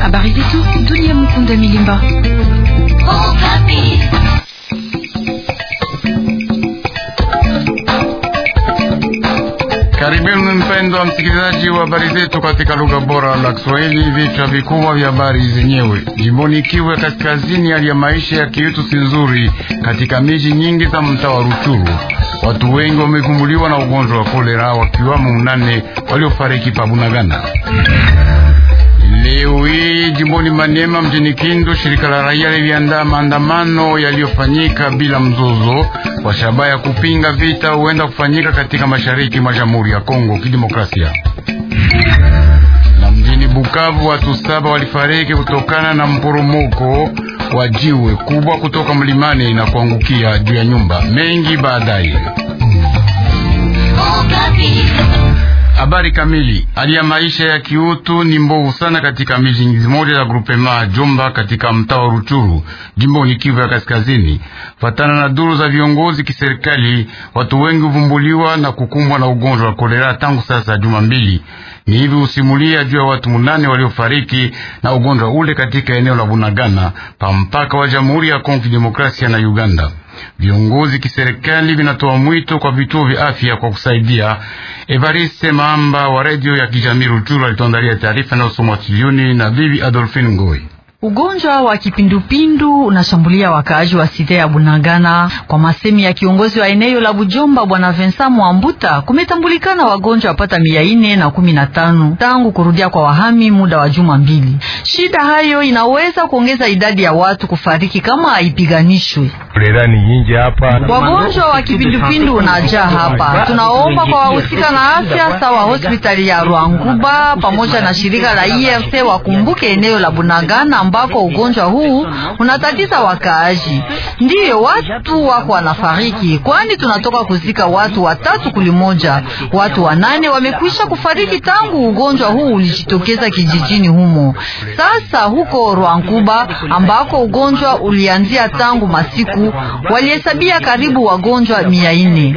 Habari zetu dunia, Mukunda Milimba. Karibuni mpendwa msikilizaji wa habari zetu katika lugha bora la Kiswahili. Vichwa vikubwa vya habari zenyewe: jimboni Kivu Kaskazini, hali ya maisha ya kiutu si nzuri katika miji nyingi za mtaa wa Ruchuru. Watu wengi wamekumbuliwa na ugonjwa wa kolera, wakiwamo mnane waliofariki Pabunagana. Leo hii jimboni Maniema mjini Kindu, shirika la raia liliandaa maandamano yaliyofanyika bila mzozo kwa shabaha ya kupinga vita huenda kufanyika katika mashariki mwa Jamhuri ya Kongo Kidemokrasia. Na mjini Bukavu watu saba walifariki kutokana na mporomoko wa jiwe kubwa kutoka mlimani na kuangukia juu ya nyumba mengi baadaye. Habari kamili. Hali ya maisha ya kiutu ni mbovu sana katika miji moja ya grupema Jomba katika mtaa wa Ruchuru, jimboni Kivu ya Kaskazini. Fatana na duru za viongozi kiserikali, watu wengi huvumbuliwa na kukumbwa na ugonjwa wa kolera tangu sasa juma mbili. Ni hivi usimulia juu ya watu munane waliofariki na ugonjwa ule katika eneo la Bunagana pa mpaka wa Jamhuri ya Kongo Demokrasia na Uganda. Viongozi kiserikali vinatoa mwito kwa vituo vya afya kwa kusaidia. Evariste Maamba wa redio ya kijamii Ruchuru alituandalia taarifa inayosomwa studioni na bibi Adolfine Ngoi. Ugonjwa wa kipindupindu unashambulia wakaaji wa site ya Bunagana. Kwa masemi ya kiongozi wa eneo la Bujomba, bwana Vincent Mwambuta, kumetambulikana wagonjwa wapata mia ine na kumi na tano tangu kurudia kwa wahami muda wa juma mbili. Shida hayo inaweza kuongeza idadi ya watu kufariki kama haipiganishwe. Wagonjwa wa kipindupindu unajaa hapa, tunaomba kwa wahusika na afya sawa hospitali ya Rwanguba pamoja na shirika la IRC e wakumbuke eneo la Bunagana ambako ugonjwa huu unatatiza wakaaji, ndiyo watu wako wanafariki, kwani tunatoka kuzika watu watatu kulimoja. Watu wanane wamekwisha kufariki tangu ugonjwa huu ulijitokeza kijijini humo. Sasa huko Rwankuba ambako ugonjwa ulianzia tangu masiku, walihesabia karibu wagonjwa mia nne.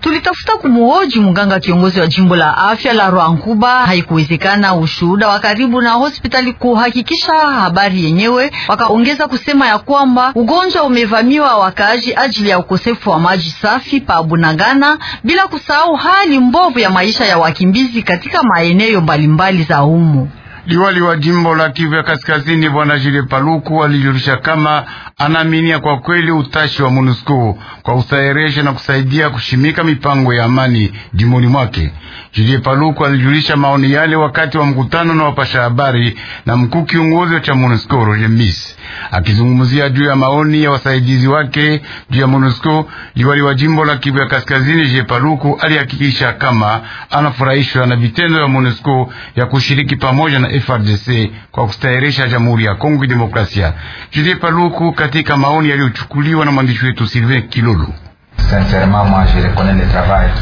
Tulitafuta kumuhoji mganga kiongozi wa jimbo la afya la Rwankuba, haikuwezekana. Ushuhuda wa karibu na hospitali kuhakikisha kukanusha habari yenyewe. Wakaongeza kusema ya kwamba ugonjwa umevamiwa wakaaji ajili ya ukosefu wa maji safi pa Bunagana, bila kusahau hali mbovu ya maisha ya wakimbizi katika maeneo mbalimbali za humu. Liwali wa jimbo la Kivu ya Kaskazini Bwana Jile Paluku alijulisha kama anaaminia kwa kweli utashi wa MONUSCO kwa kusayeresha na kusaidia kushimika mipango ya amani jimboni mwake. Jile Paluku alijulisha maoni yale wakati wa mkutano na wapasha habari na mkuu kiongozi wa cha MONUSCO Roger Miss. Akizungumzia juu ya maoni ya wasaidizi wake juu ya MONUSCO, liwali wa jimbo la Kivu ya Kaskazini Je Paluku alihakikisha kama anafurahishwa na vitendo ya MONUSCO ya kushiriki pamoja na FRDC kwa kustahirisha Jamhuri ya Kongo Demokrasia. Je Paluku katika maoni yaliyochukuliwa na mwandishi wetu Sylvain Kilolo.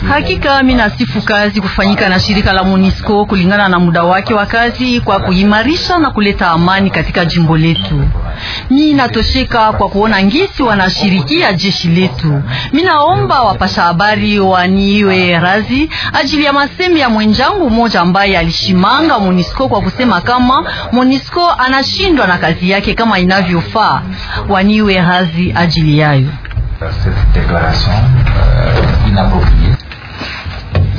Hakika mi nasifu kazi kufanyika na shirika la Monisco kulingana na muda wake wa kazi kwa kuimarisha na kuleta amani katika jimbo letu. Mi natosheka kwa kuona ngisi wanashirikia jeshi letu. Mi naomba wapasha habari waniwe razi ajili ya masemi ya mwenjangu mmoja ambaye alishimanga Monisco kwa kusema kama Monisco anashindwa na kazi yake kama inavyofaa. Waniwe razi ajili yayo cette déclaration euh, inappropriée.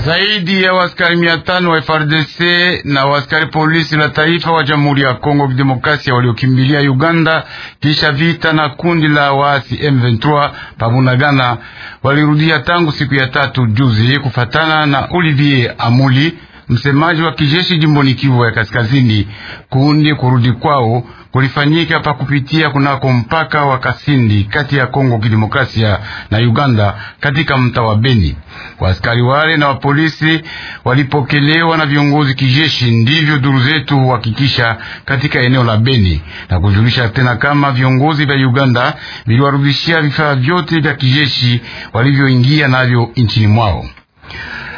Zaidi ya waskari mia tano wa frdc na waskari polisi la taifa wa Jamhuri ya Kongo Kidemokrasia waliokimbilia Uganda kisha vita na kundi la waasi M23 Pabunagana walirudia tangu siku ya tatu juzi, kufatana na Olivier Amuli msemaji wa kijeshi jimboni Kivu ya Kaskazini. Kundi kurudi kwao kulifanyika pa kupitia kunako mpaka wa Kasindi kati ya Kongo Kidemokrasia na Uganda katika mta wa Beni. Waaskari wale na wapolisi walipokelewa na viongozi kijeshi, ndivyo duru zetu huhakikisha katika eneo la Beni na kujulisha tena kama viongozi vya Uganda viliwarudishia vifaa vyote vya kijeshi walivyoingia navyo nchini mwao.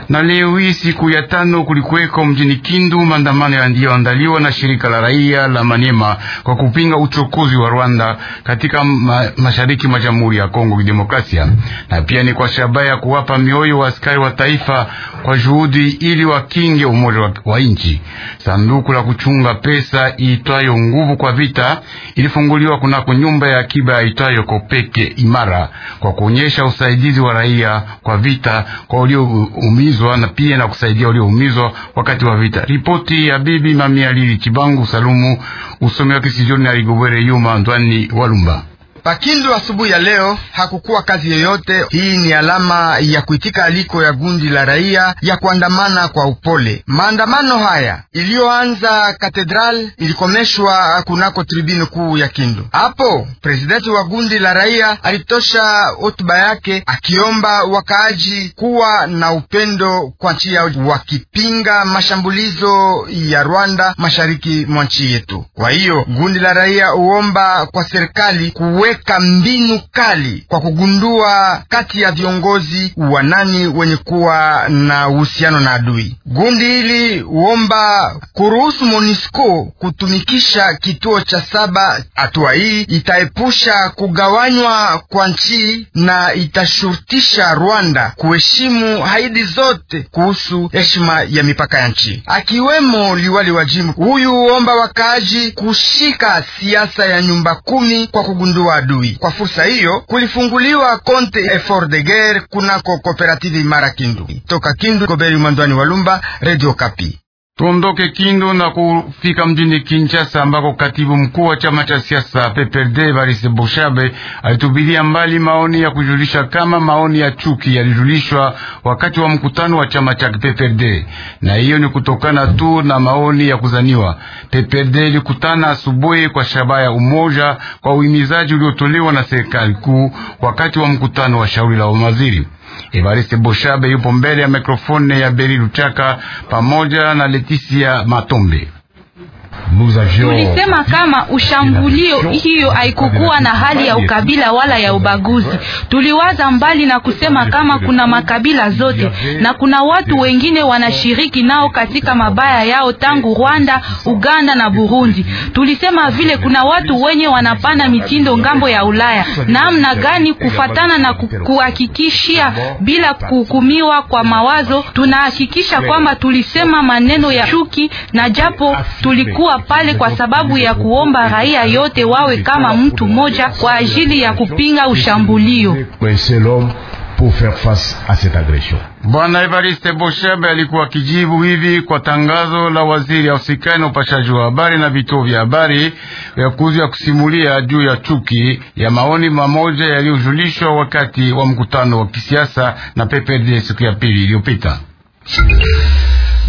Na leo hii siku ya tano kulikuweko mjini Kindu maandamano yaliyoandaliwa na shirika la raia la manema kwa kupinga uchokozi wa Rwanda katika ma mashariki mwa Jamhuri ya Kongo Kidemokrasia, na pia ni kwa shabaha ya kuwapa mioyo wa askari wa taifa kwa juhudi ili wakinge umoja wa, wa nchi. Sanduku la kuchunga pesa iitwayo nguvu kwa vita ilifunguliwa kunako nyumba ya akiba iitwayo Kopeke Imara kwa kuonyesha usaidizi wa raia kwa vita kwa ulioumizwa kuumizwa na pia na kusaidia walioumizwa wakati wa vita. Ripoti ya bibi Mami Alili Chibangu Salumu, usomi kisijoni Sijoni Aligobwere Yuma Ndwani Walumba. Pakindu asubuhi ya leo hakukuwa kazi yoyote. Hii ni alama ya kuitika aliko ya gundi la raia ya kuandamana kwa upole. Maandamano haya iliyoanza Katedral ilikomeshwa kunako tribune kuu ya Kindu. Hapo presidenti wa gundi la raia alitosha hotuba yake akiomba wakaaji kuwa na upendo kwa nchi yao, wakipinga mashambulizo ya Rwanda mashariki mwa nchi yetu. Kwa hiyo gundi la raia uomba kwa serikali kuweka kuweka mbinu kali kwa kugundua kati ya viongozi wanani wenye kuwa na uhusiano na adui. Gundi hili huomba kuruhusu MONUSCO kutumikisha kituo cha saba. Hatua hii itaepusha kugawanywa kwa nchi na itashurutisha Rwanda kuheshimu haidi zote kuhusu heshima ya mipaka ya nchi, akiwemo liwali wa jimbo. Huyu huomba wakaaji kushika siasa ya nyumba kumi kwa kugundua adui. Kwa fursa hiyo kulifunguliwa konte effort de guerre kunako kooperative Imara Kindu. Toka Kindu, Goberi Mwandwani Walumba, Radio Kapi. Tuondoke Kindu na kufika mjini Kinshasa ambako katibu mkuu wa chama cha siasa PPRD Varisi Boshabe alitubilia mbali maoni ya kujulisha kama maoni ya chuki yalijulishwa wakati wa mkutano wa chama cha PPRD, na hiyo ni kutokana tu na maoni ya kuzaniwa. PPRD ilikutana asubuhi kwa shabaha ya umoja kwa uhimizaji uliotolewa na serikali kuu wakati wa mkutano wa shauri la waziri Evariste Boshabe yupo mbele ya mikrofoni ya Beri Lutaka pamoja na Letisia Matombe. Tulisema kama ushambulio hiyo haikukuwa na hali ya ukabila wala ya ubaguzi. Tuliwaza mbali na kusema kama kuna makabila zote na kuna watu wengine wanashiriki nao katika mabaya yao tangu Rwanda, Uganda na Burundi. Tulisema vile kuna watu wenye wanapanda mitindo ngambo ya Ulaya, namna gani kufatana na kuhakikishia bila kuhukumiwa kwa mawazo. Tunahakikisha kwamba tulisema maneno ya chuki na japo tulikuwa pale kwa sababu ya kuomba raia yote wawe kama mtu mmoja kwa ajili ya kupinga ushambulio. Bwana Evariste Boshebe alikuwa akijibu hivi kwa tangazo la waziri usikani na upashaji wa habari na vituo vya habari vya kuzi ya kusimulia juu ya chuki ya maoni mamoja yaliyojulishwa wakati wa mkutano wa kisiasa na PPRD siku ya pili iliyopita.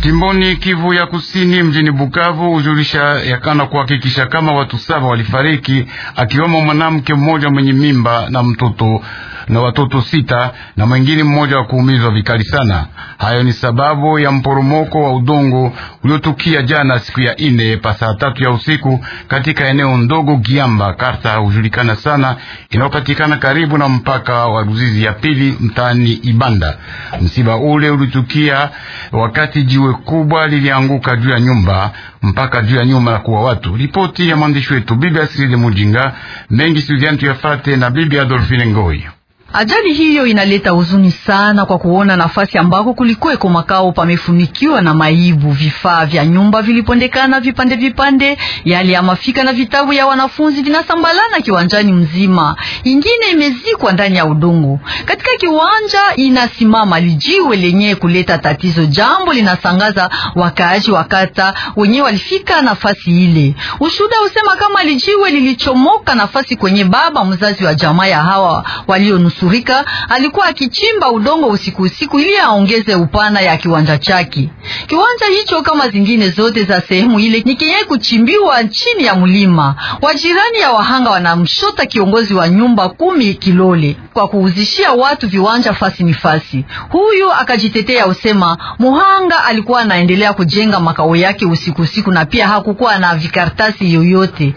Jimboni Kivu ya Kusini, mjini Bukavu ujulisha yakana kuhakikisha kama watu saba walifariki akiwemo mwanamke mmoja mwenye mimba na mtoto na watoto sita na mwingine mmoja wa kuumizwa vikali sana. Hayo ni sababu ya mporomoko wa udongo uliotukia jana siku ya ine pa saa tatu ya usiku katika eneo ndogo Giamba Karta hujulikana sana, inayopatikana karibu na mpaka wa Ruzizi ya pili mtaani Ibanda. Msiba ule ulitukia wakati jiwe kubwa lilianguka juu ya nyumba mpaka juu ya nyumba na kuwa watu. Ripoti ya mwandishi wetu bibi Asiride Mujinga mengi studiantu yafate na bibi Adolfine Ngoi. Ajali hiyo inaleta huzuni sana kwa kuona nafasi ambako kulikuweko makao pamefunikiwa na maibu, vifaa vya nyumba vilipondekana vipande vipande, yale ya mafika na vitabu ya wanafunzi vinasambalana kiwanjani mzima, ingine imezikwa ndani ya udongo. Katika kiwanja inasimama lijiwe lenye kuleta tatizo, jambo linasangaza wakaaji wa kata wenye walifika nafasi ile. Ushuda usema kama lijiwe lilichomoka nafasi kwenye baba mzazi wa jamaa ya hawa walio alinusurika alikuwa akichimba udongo usiku usiku ili aongeze upana ya kiwanja chake. Kiwanja hicho kama zingine zote za sehemu ile ni kenye kuchimbiwa chini ya mlima. Wajirani ya wahanga wanamshota kiongozi wa nyumba kumi Kilole kwa kuuzishia watu viwanja fasi ni fasi Huyu akajitetea usema muhanga alikuwa anaendelea kujenga makao yake usiku usiku na pia hakukuwa na vikartasi yoyote.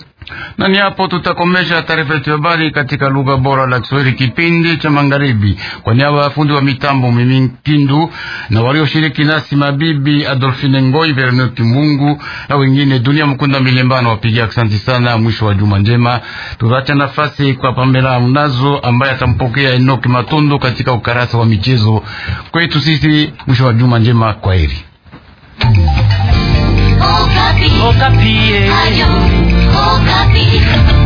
Na ni hapo tutakomesha taarifa yetu ya habari katika lugha bora la Kiswahili, kipindi cha magharibi. Kwa niaba ya fundi wa mitambo mimi Kindu na walioshiriki nasi, mabibi Adolfine Ngoi, Vernoki Mungu na wengine, dunia mkunda milembano wapigia asante sana. Mwisho wa juma njema. Tutaacha nafasi kwa Pamela Mnazo ambaye atampokea Enoki Matundu katika ukarasa wa michezo. Kwetu sisi, mwisho wa juma njema, kwa kwaheri. Old puppy.